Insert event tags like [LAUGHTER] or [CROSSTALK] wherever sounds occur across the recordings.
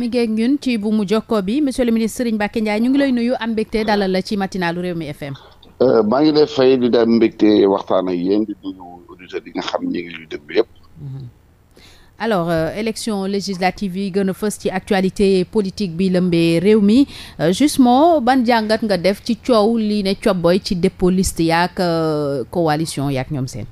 mi ngi ak ñun ci bu mu jokkoo bi monsieur le ministre Serigne Mbacké Ndiaye ñu ngi lay nuyu am mbégte dalal la ci matinalu réew mi FM. Euh, maa ngi lay fay di daal mbégte waxtaan ak yéen di nuyu auditeurs yi nga xam ñu ngi déglu yëpp. Mm-hmm. alors euh, élection législative yi gën a fës ci actualité politique bi lëmbee réew mi euh, justement ban jàngat nga def ci coow lii ne cobboy ci dépôt liste yaak euh, coalition yaak ñoom seen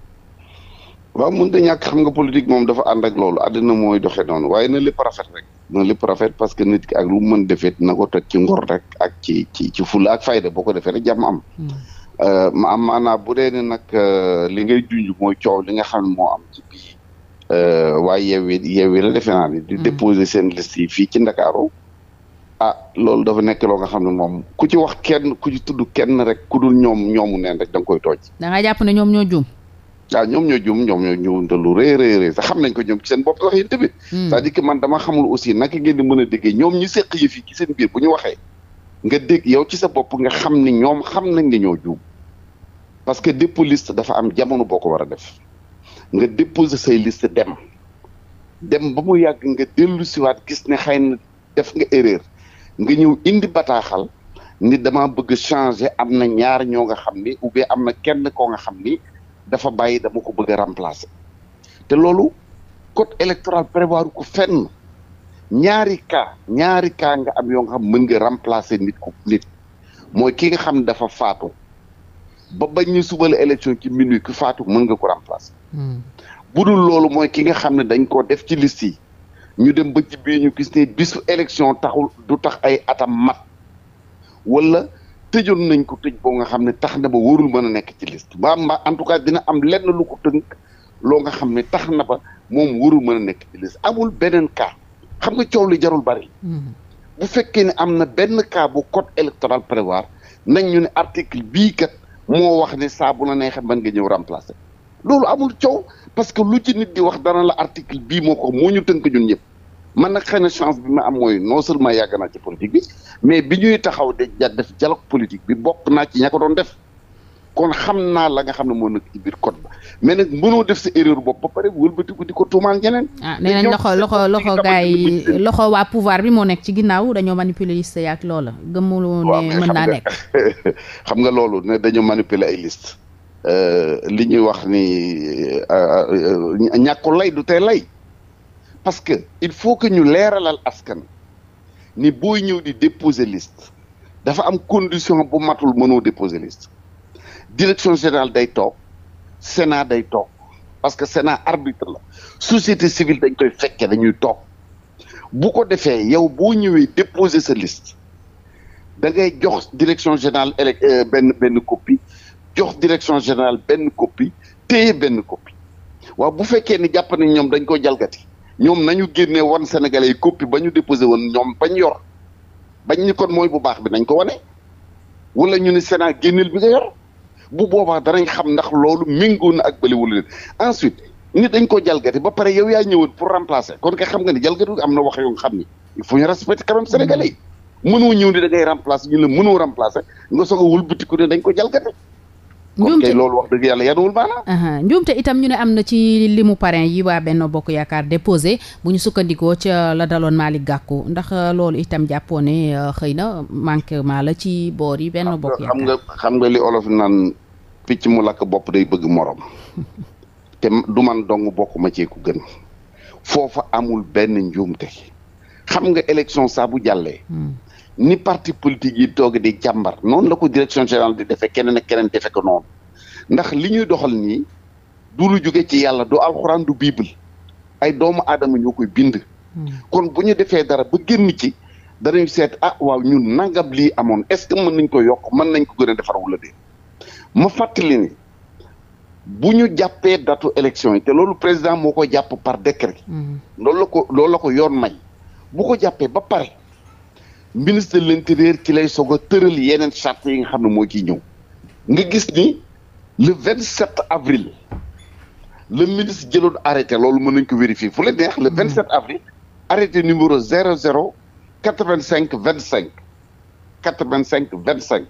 waaw mën da ñàkk xam nga politique moom dafa ànd ak loolu àddina mooy doxee noonu waaye na lépp rafet rek na lépp rafet parce que nit ki ak lu mën defet na ko teg ci ngor rek ak ci ci ci fula ak fayda boo ko defee rek jàmm am hmm. euh, ma am maanaam bu dee ne nag euh, li ngay junj mooy coow li nga xam moo am ci bii euh, waaye yeewi yeewi la defe naa ni di hmm. seen liste yi fii ci Ndakaaru ah loolu dafa nekk loo nga xam ne moom ku ci wax kenn ku ci tudd kenn rek ku dul ñoom ñoomu neen rek da koy tooj da nga jàpp ne ñoom waaw ñoom ñoo jum ñoom ñoo ñëwante lu rëy rëy rëy sax xam nañ ko ñoom ci seen bopp sax yéen tamit hmm. c'est-à-dire que man dama xamul aussi naka ngeen di mën a déggee ñoom ñu seq yëf yi ci seen biir bu ñu waxee nga dégg yow ci sa bopp nga xam ni ñoom xam nañ ne ñoo juum parce que dépôt liste dafa am jamono boo ko war a def nga déposer say liste dem dem ba mu yàgg nga dellu siwaat gis ne xëy na def nga erreur nga ñëw indi bataaxal ni dama bëgg changer am na ñaar ñoo nga xam ni ou bien am na kenn koo nga xam ni dafa bàyyi dama ko bëgg remplacer te loolu code électoral prévoir ko fenn ñaari ka ñaari cas nga am yoo nga xam mën nga remplacer nit ku nit mooy ki nga xam ne dafa faatu ba bañ ñu subal élection ci minuit ku faatu mën nga ko remplacer. Hmm. bu dul loolu mooy ki nga xam ne dañ ko def ci liste yi ñu dem ba ci ñu gis ne bisu élection taxul du tax ay atam mat walla tëjoon nañ ko tëj boo nga xam ne tax na ba warul mën a nekk ci liste ba mbaa en tout cas dina am lenn lu ko tënk loo nga xam ne tax na ba moom warul mën a nekk ci liste amul beneen cas xam nga coow li jarul bari. Mm-hmm. bu fekkee ne am na benn cas bu code électoral prévoir nañ ñu ne article bii kat moo wax ne saa na la neexee mën nga ñëw remplacer loolu amul coow parce que lu ci nit di wax dara la article bii moo ko moo ñu tënk ñun ñëpp. man nag xëy na chance bi ma am mooy non seulement yàgg naa ci politique bi mais bi ñuy taxaw de ja def dialogue bi bokk naa ci ña ko doon def kon xam naa la nga xam ne moo nekk ci code ba mais nag mënoo def sa erreur bopp ba di ko tuumaal ñeneen. ah nee nañ loxo loxo loxo yi loxo waa pouvoir bi moo nekk ci ginnaaw dañoo manipuler liste yaak loola gëmuloo ne mën naa nekk. [LAUGHS] xam nga loolu ne dañoo manipuler ay liste euh, li ñuy wax ni euh, euh, ñàkku lay du tee lay. parce que il faut que ñu leeralal askan ni booy ñëw di déposé liste dafa am condition bu matul mënoo déposer liste direction générale day toog Sénat day toog parce que Sénat arbitre la société civile dañ koy fekkee dañuy toog bu ko defee yow boo ñëwee déposer sa liste da ngay jox direction générale euh, benn benn copie jox direction générale benn copie te benn copie waaw bu fekkee ni jàpp nañ ñoom dañ ko jalgati ñoom nañu génne wan sénégalais yi copie ba ñu déposé woon ñoom bañ yor bañ ñu kon mooy bu baax bi nañ ko wane wala ñu ne Sénat génneel bi nga yor bu boobaa danañ xam ndax loolu méngoo na ak bëliwul leen ensuite nit dañ ko jalgati ba pare yow yaa ñëwoon pour remplacer kon nga xam nga ni jalgati am na wax yoo xam ni il faut ñu respecter quand même sénégalais yi mm-hmm. ñëw ni a ngay remplacer ñu la mënoo remplacer nga soog a wëlbatiku ne dañ ko jalgati kon kay loolu wax dëgg yàlla yanuwul maanaam njuumte itam ñu ne am na ci limu parrain yi waa Benno Bokk Yaakaar déposé bu ñu sukkandikoo ca la daloon Malick Gakou ndax euh, loolu itam jàppoo ne euh, xëy na manquement la ci boor yi Benno Bokk Yaakaar xam nga xam nga li olof naan picc mu lakk bopp day bëgg morom [LAUGHS] te du man dong bokk ma ci ku gën foofa amul benn njuumte xam nga élection saa bu jàllee hmm. ni parti politique yi toog di jàmbar noonu la ko direction générale di defee keneen ak keneen defe ko noonu ndax li ñuy doxal nii du lu jóge ci yàlla du alxuraan du bible ay doomu aadama ñoo koy bind. Hmm. kon bu ñu defee dara ba génn ci danañ seet ah waaw ñun nangam lii amoon est-ce que mën nañ ko yokk mën nañ ko gën a defar wala dee ma fàttali ni bu ñu jàppee datu élection yi te loolu président moo ko jàpp par décret. Hmm. loolu la ko loolu la ko yoon may bu ko jàppee ba pare. ministre de l'intérieur ci lay soog a tëral yeneen charte yi nga xam ne moo ciy ñëw nga gis ni le 27 avril le ministre jëloon arrêté loolu mën nañ ko vérifier fu la neex le 27 hmm. avril arrêté numéro 00 85 25 85 25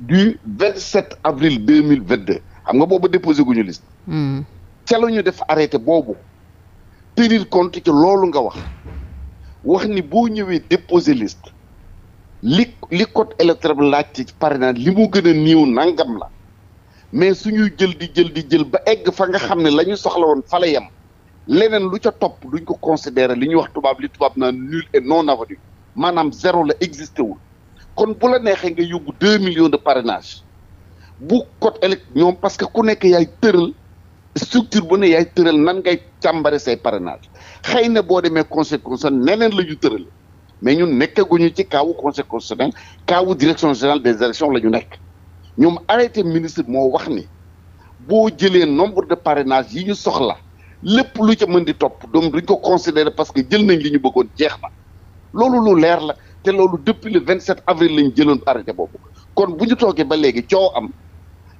du 27 avril 2022 xam nga boobu déposé gu ñu liste. Hmm. ca ñu def arrêté boobu tenir compte ci loolu nga wax wax ni boo ñëwee déposé liste li li code électoral bi laaj ci parrainage li mu gën a néew nangam la mais suñuy jël di jël di jël ba egg fa nga xam ne la soxla woon fa la yem leneen lu ca topp duñ ko considérer li ñuy wax tubaab li tubaab naan nul et non avenu maanaam zéro la existé wul kon bu la neexee nga yóbbu deux millions de parrainage bu code électoral ñoom parce que ku nekk yaay tëral structure bu ne yaay tëral nan ngay càmbare say parenage xëy na boo demee conseil sa neneen la ñu tëral mais ñun nekkaguñu ci kaawu conseil constitutionnel kaawu direction générale des élections la ñu nekk ñoom arrêté ministre moo wax ni boo jëlee nombre de parrainage yi ñu soxla lépp lu ca mën di topp doom duñ ko considérer parce que jël nañ li ñu bëggoon jeex na loolu lu leer la te loolu depuis le 27 avril lañu jëloon arrêté boobu kon bu ñu toogee ba léegi coow am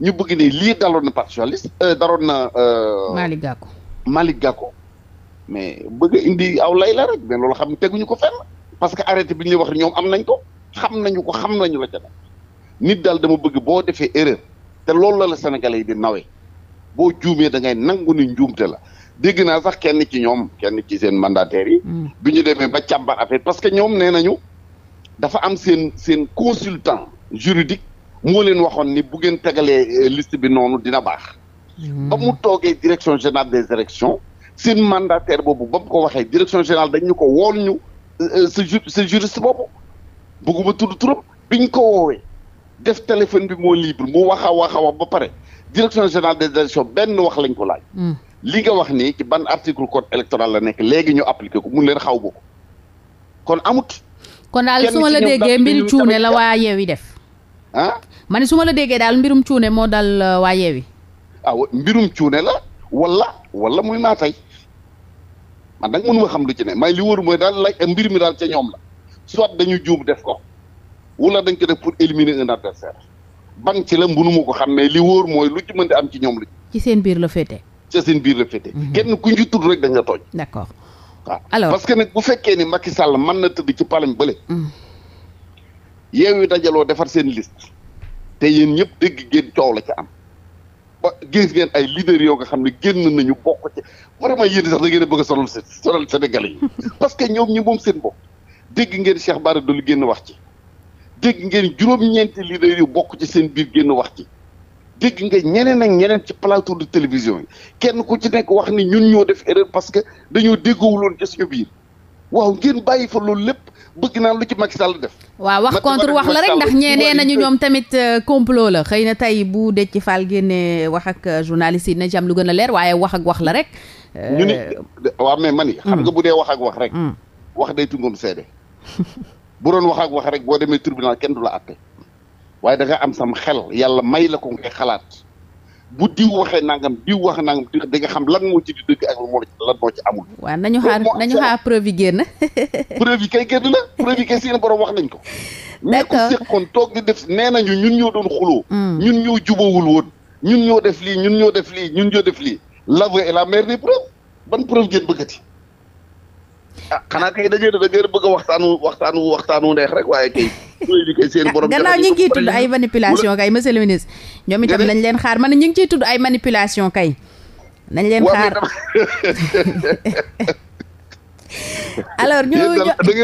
ñu bëgg ne lii daloon na parti socialiste euh, daroon na. Euh, Malick Gakou Malick Gakou mais bëgg indi aw lay la rek mais loolu xam teguñu ko fenn. parce que arrêté bi ñu wax ñoom am nañ ko xam nañu ko xam nañu la ca nit daal dama bëgg boo defee erreur te loolu la la Sénégalais yi di nawee boo juumee da ngay nangu ni njuumte la dégg naa sax kenn ci ñoom kenn ci seen mandataires yi. Mm. bi ñu demee ba càmbar affaire parce que ñoom nee nañu dafa am seen seen consultant juridique moo leen waxoon ni bu ngeen tegalee euh, liste bi noonu dina baax. Mm. ba mu toogee direction générale des élections seen mandataire boobu ba mu ko waxee direction générale dañ ñu ko woon ñu. sa euh, ju sa juriste boobu bëgguma tudd turam biñ ko woowee def téléphone bi moo libre mu waxaw a wax a ba pare direction générale de élections benn wax lañ ko laaj. Hmm. li nga wax nii ci ban article code électoral la nekk léegi ñu appliqué ko mun leen xaw ba ko kon amut. kon daal su ma la déggee mbiru cuune la waa yeewi def. ah ma ne su ma la déggee daal mbirum cuune moo daal euh, waa yeewi. ah mbirum cuune la wala wala muy maa tey man nag mënuma xam lu ci ne may li wóor mooy daal lay mbir mi daal ca ñoom la soit dañu juum def ko wala dañ ko def pour éliminer un adversaire ban ci la mënuma ko xam mais li wóor mooy lu ci mën di am ci ñoom la. ci seen biir la féete. ci seen biir la féete. Mhm. kenn ku ñu tudd rek dañ la tooñ. d'accord waaw alors parce que nag bu fekkee ni Macky Sall man na tëdd ci palam bële. Mhm. yeewu dajaloo defar seen liste. te yéen ñëpp dégg ngeen coow la ca am. ba gis ngeen ay leaders yoo nga xam ne génn nañu bokk ci vraiment yéen sax da ngeen a bëgg a sonal yi [LAUGHS] parce que ñoom ñi moom seen bopp dégg ngeen Cheikh Bara Dolly génn wax ci dégg ngeen juróom-ñeenti leaders yu bokk ci seen biir génn wax ci dégg nga ñeneen ak ñeneen ci plateau de télévision yi kenn ku ci nekk wax ni ñun ñoo def erreur parce que dañoo déggoowuloon ci suñu biir waaw ngeen bàyyi fa loolu lépp bëgg naa lu ci Macky Sall def. waaw wax contre wax la rek ndax ñee nee nañu ñoom tamit euh, complot la xëy na tey bu Déthié Fall génnee wax ak euh, journaliste yi dina ci lu gën a leer waaye wax ak wax la rek. Euh, ñu ni waaw xam nga mm. bu dee wax ak wax rek. Mm. wax day tungoom seede. [LAUGHS] bu doon wax ak wax rek boo demee tribunal kenn du la àtte waaye da am sam xel yàlla may la ko ngay xalaat. bu diw waxee nangam diw wax nangam di nga xam lan moo ci di dëgg ak lan ci amul. waaw nañu xaar nañu xaar preuve yi génn. [LAUGHS] preuve yi kay génn na preuve yi kay seen borom wax nañ ko. d'accord mais toog di def nee ñu ñun ñoo doon xuloo. Hmm. ñun ñoo jubawul woon. ñun ñoo def lii ñun ñoo def li ñun ñoo def lii l'aveu la mère des preuves ban preuve ngeen bëggati. ah xanaa kay dañuy da ngeen bëgg a waxtaanu waxtaanu waxtaanu neex rek waaye [LAUGHS] gannaaw ñu ngi ay manipulation kay ma le ministre ñoom itam nañ leen xaar man ñu ngi ciy tudd ay manipulation kay nañ leen xaar [LAUGHS] [LAUGHS] alors ñu ñu da bëgg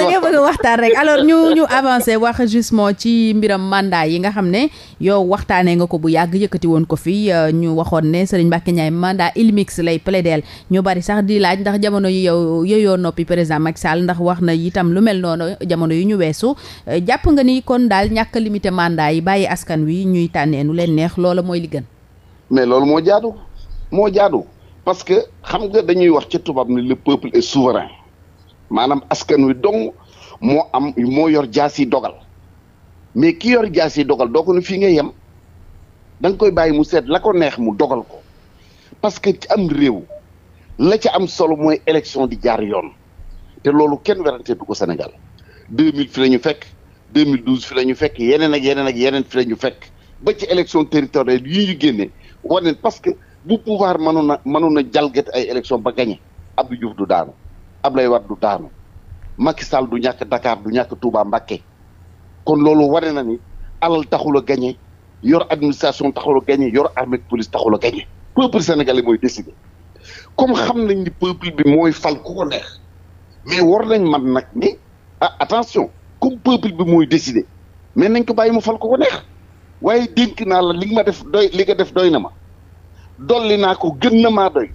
a waxtaan rek aywa alors ñu ñu avancé wax justement ci mbiram mandat yi nga xam ne yow waxtaanee nga ko bu yàgg yëkkati woon ko fi euh, ñu waxoon ne Serigne Mbacké Ndiaye mandat ilmix lay plaidel ñu bari sax di laaj ndax jamono yi yow yooyoo noppi président Macky Sall ndax wax na itam lu mel noonu jamono yi ñu weesu euh, jàpp nga ni kon daal ñàkk limité mandat yi bàyyi askan wi ñuy tànnee nu leen neex loola mooy li mais loolu moo jaadu parce que xam nga dañuy wax ci tubaab ni le peuple est souverain maanaam askan wi dong moo am moo yor jaas yi dogal mais ki yor jaas yi dogal doo ko ni fii nga yem da nga koy bàyyi mu seet la neex mu dogal ko parce que ci am réew la ca am solo mooy élection di jaar yoon te loolu kenn werante du ko Sénégal 2000 fi la ñu fekk 2012 fi la ñu fekk yeneen ak yeneen ak yeneen fi la ñu fekk ba ci élection territoriale yi ñu génne wane parce que. bu pouvoir mënoon a mënoon a jalgati ay élection ba gagné Abdou Diouf du daanu Abdoulaye Wade du daanu Macky Sall du ñàkk Dakar du ñàkk Touba Mbacké kon loolu wane na ni alal taxul a gagné yor administration taxul a gagné yor armée police taxul a gagné peuple sénégalais mooy décidé comme xam nañ ni peuple bi mooy fal ko ko neex mais war nañ man nag ni ah attention comme peuple bi mooy décidé mais nañ ko bàyyi mu fal ko ko neex waaye dénk naa la li nga ma def doy li nga def doy na ma dolli naa ko gën na maa doy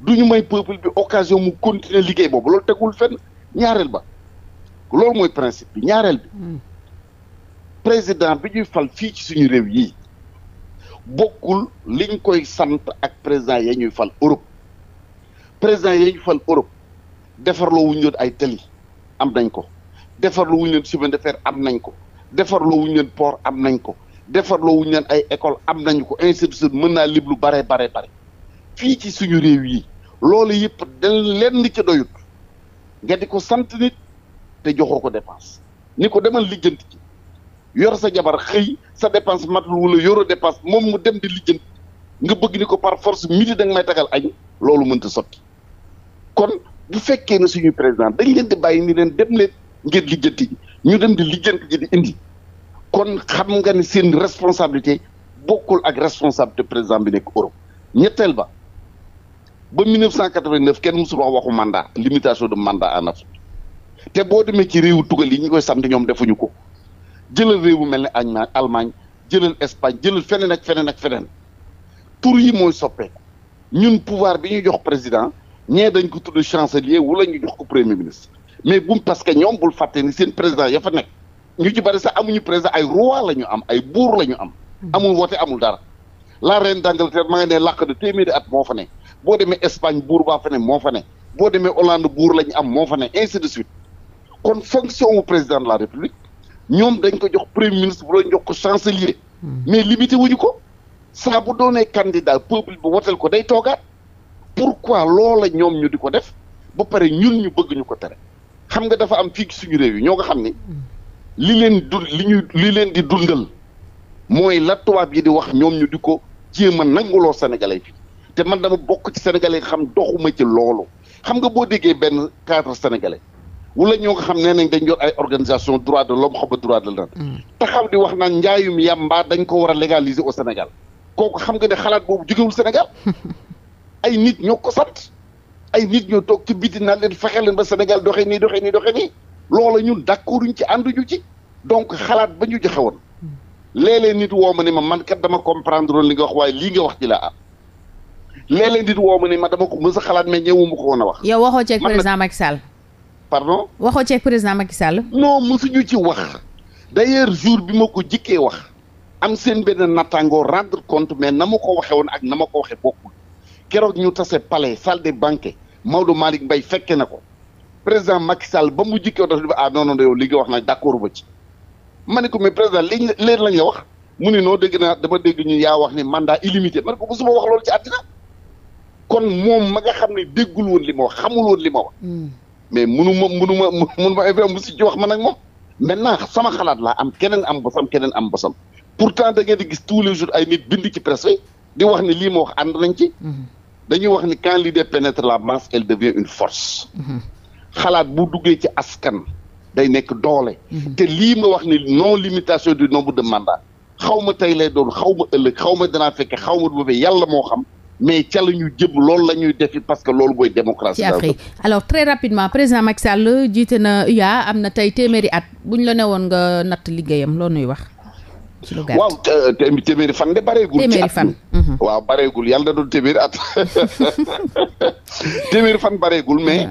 du ñu may peuple bi occasion mu continuer liggéey boobu loolu tegul fenn ñaareel ba loolu mooy principe bi ñaareel bi hmm. président bi ñuy fal fii ci suñu réew yi bokkul liñ koy sant ak président ya ñuy fal Europe président ya ñuy fal Europe defarloo wuñu leen ay tali am nañ ko defarloo wuñu leen chemin de am nañ ko defarloo wuñu leen port am nañ ko defarloo wuñ leen ay école am nañu ko institution mën naa lib lu bare bare bare fii ci suñu réew yi loolu yëpp dañ leen di ca doyut nga di ko sant nit te joxoo ko dépense ni ko demal lijjanti ci yor sa jabar xëy sa dépense matul wala yoro dépense moom mu dem di lijjanti nga bëgg ni ko par force midi da nga may tagal añ loolu mën mënta sotti kon bu fekkee ne suñu président dañ leen di bàyyi ni leen dem leen ngeen lijjanti ji ñu dem di lijjanti ji di indi kon xam nga ne seen responsabilité bokkul ak responsabilité président bi nekk Europe ñetteel ba ba 1989 kenn musul wax waxu mandat limitation de mandat en Afrique te boo demee ci réewu tugal yi ñu koy sant ñoom defuñu ko jëlal réew mu mel ne Allemagne Allemagne jëlal Espagne jëlal feneen ak feneen ak feneen tur yi mooy soppeeku ñun pouvoir bi ñu jox président ñee dañ ko tudd chancelier wala ñu jox ko premier ministre mais bu parce que ñoom bul fàtte ni seen président ya fa nekk. ñu ci bari sax amuñu président ay roi la ñu am ay buur la ñu am. Hmm. amul woote amul dara. la reine d'Angleterre ma nga ne làkk de téeméeri at moo fa ne boo demee Espagne buur baa fa ne moo fa ne boo demee Hollande buur la ñu am moo fa ne ainsi de suite kon fonction wu président de la république ñoom dañ ko jox premier ministre bu doon jox ko chancelier. Hmm. mais limité wuñu ko. saa bu doonee candidat peuple bu woteel ko day toogaat. pourquoi loola ñoom ñu di ko def ba pare ñun ñu bëgg ko tere xam nga dafa am fii suñu réew yi ñoo nga xam ni. Hmm. li leen li ñuy li leen di dundal mooy la tuwaab yi di wax ñoom ñu di ko jéem a nanguloo sénégalais bi te man dama bokk ci sénégalais xam doxuma ci loolu xam nga boo déggee benn cadre sénégalais wala ñoo nga xam nee nañ dañ yor ay organisation droit de l'homme xaw ma droit de l'homme mm. taxaw di wax naan njaayum yàmbaa dañ ko war a légaliser au Sénégal kooku xam nga ne xalaat boobu jógewul Sénégal [LAUGHS] ay nit ñoo ko sant ay nit ñoo toog ci biti naa leen fexe leen ba Sénégal doxee nii doxee loola ñun d'accord ñu ci ànduñu ci donc xalaat ba ñu joxe woon léeg-léeg nit ma ne ma man kat dama comprendre li nga wax waaye lii nga wax ci laa am léeg-léeg nit woo ma ne ma dama ko mës a xalaat mais ñëwuma ko woon a wax. yow waxoo ceeg président Macky Sall. pardon. waxoo ceeg président Macky Sall. non mësuñu ci wax d'ailleurs jour bi ma ko jikkee wax am seen benn nattango rendre compte mais na ma ko waxee woon ak na ma ko waxee bokkul keroog ñu tase palais salle des banquets Maodo Malick Mbaye fekke na ko. président Macky Sall ba mu jikkee dafa ah non wax nag d' accord ba ci. ma ne ko mais président liñ leer lañ la wax mu ne noo dégg naa dama dégg ñu yaa wax ni mandat illimité ma ne ko suma wax loolu ci àddina kon moom ma xam ne déggul woon li ma wax xamul woon li ma wax. Hmm. mais munu ma munu ma munu ma évaillé si ci wax man ak moom. maintenant sama xalaat laa am keneen am bosam keneen am bosam pourtant da ngeen di gis tous les jours ay nit bindi ci presse bi di wax ni lii ma wax ànd lañ ci. Hmm. dañuy wax ni quand l'idée pénètre la masse elle force. Hmm. xalaat bu duggee ci askan day nekk doole. Mhm. te lii ma wax ni non limitation di nombre de mandats xaw ma tey lay doon xaw ma ëllëg xaw ma danaa fekke xaw ma boobee yàlla moo xam. mais ca la ñu jëm lool la ñuy defi parce que loolu mooy démocratie. ci Afrique alors très rapidement président Macky Sall jiite na yaa am na tey téeméeri at bu ñu la ne woon nga natt liggéeyam loo nuy wax. ci lu gàtt waaw téeméeri fan de bareegul. téeméeri fan mhm. waaw bareegul yàlla doon téeméeri at [LAUGHS] [LAUGHS] fan bareegul mais. Ah.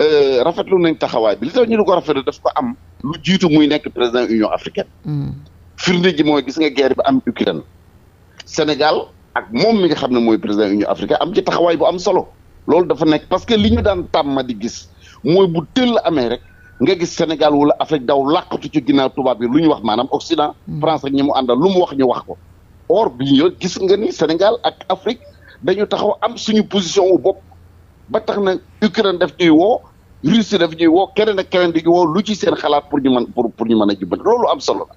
Euh, rafetlu nañ taxawaay bi li tax ñu di ko rafetlu daf ko am lu jiitu muy nekk président union africaine. Hmm. firnde ji mooy gis nga guerre bi am Ukraine. Sénégal ak moom mi nga xam ne mooy président union africaine am ci taxawaay bu am solo. loolu dafa nekk parce que li ñu daan tàmm di gis mooy bu tëll amee rek nga gis Sénégal wala Afrique daw làqatu ci ginnaaw tubaab yi lu ñu wax maanaam Occident. Hmm. France ak ñi mu àndal lu mu wax ñu wax ko. or bi ñu gis nga ni Sénégal ak Afrique dañu taxaw am suñu position wu bopp. ba tax na Ukraine def ñuy woo Russie daf ñuy woo keneen ak keneen di woo lu ci seen xalaat pour ñu mën pour pour ñu mën a jubal loolu am solo la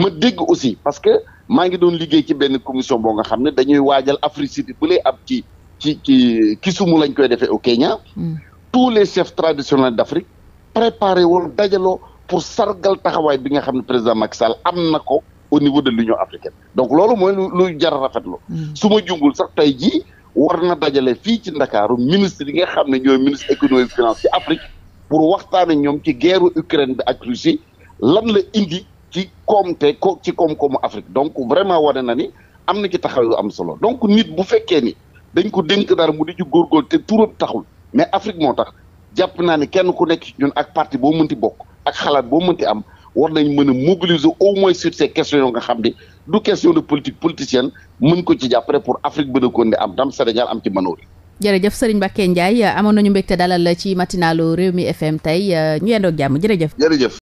ma dégg aussi parce que maa ngi doon liggéey ci benn commission boo nga xam ne dañuy waajal Africité bu lay ab ci ci ci Kisumu lañ koy defee au Kenya. Mm. tous les chefs traditionnels d'Afrique préparé woon dajaloo pour sargal taxawaay bi nga xam ne président Macky Sall am na ko au niveau de l'Union africaine donc loolu mooy lu lu jar rafetlu. Mm. su ma sax tey jii. war na dajale fii ci Ndakaaru ministre yi nga xam ne ñooy ministre économie finance ci Afrique pour waxtaane ñoom ci guerru Ukraine bi ak Russie lan la indi ci koom te ko ci koom-koomu Afrique donc vraiment wane na ni am na ci taxaw yu am solo donc nit bu fekkee ni dañ ko dënk dara mu di ci góorgóorlu te turam taxul mais Afrique moo tax jàpp naa ne kenn ku nekk ci ñun ak parti boo mënti bokk ak xalaat boo mënti am war nañ mën a mobiliser au moins sur ces nga xam ne du question de politique politicienne muñ ko ci jàppale pour Afrique bëgg ko ne am tam Sénégal am ci manoori. jërëjëf Serigne Mbacké Ndiaye amoon nañu mbégte dalal ci matinalu mi FM tey euh, ñu yendoog jàmm jërëjëf. jërëjëf.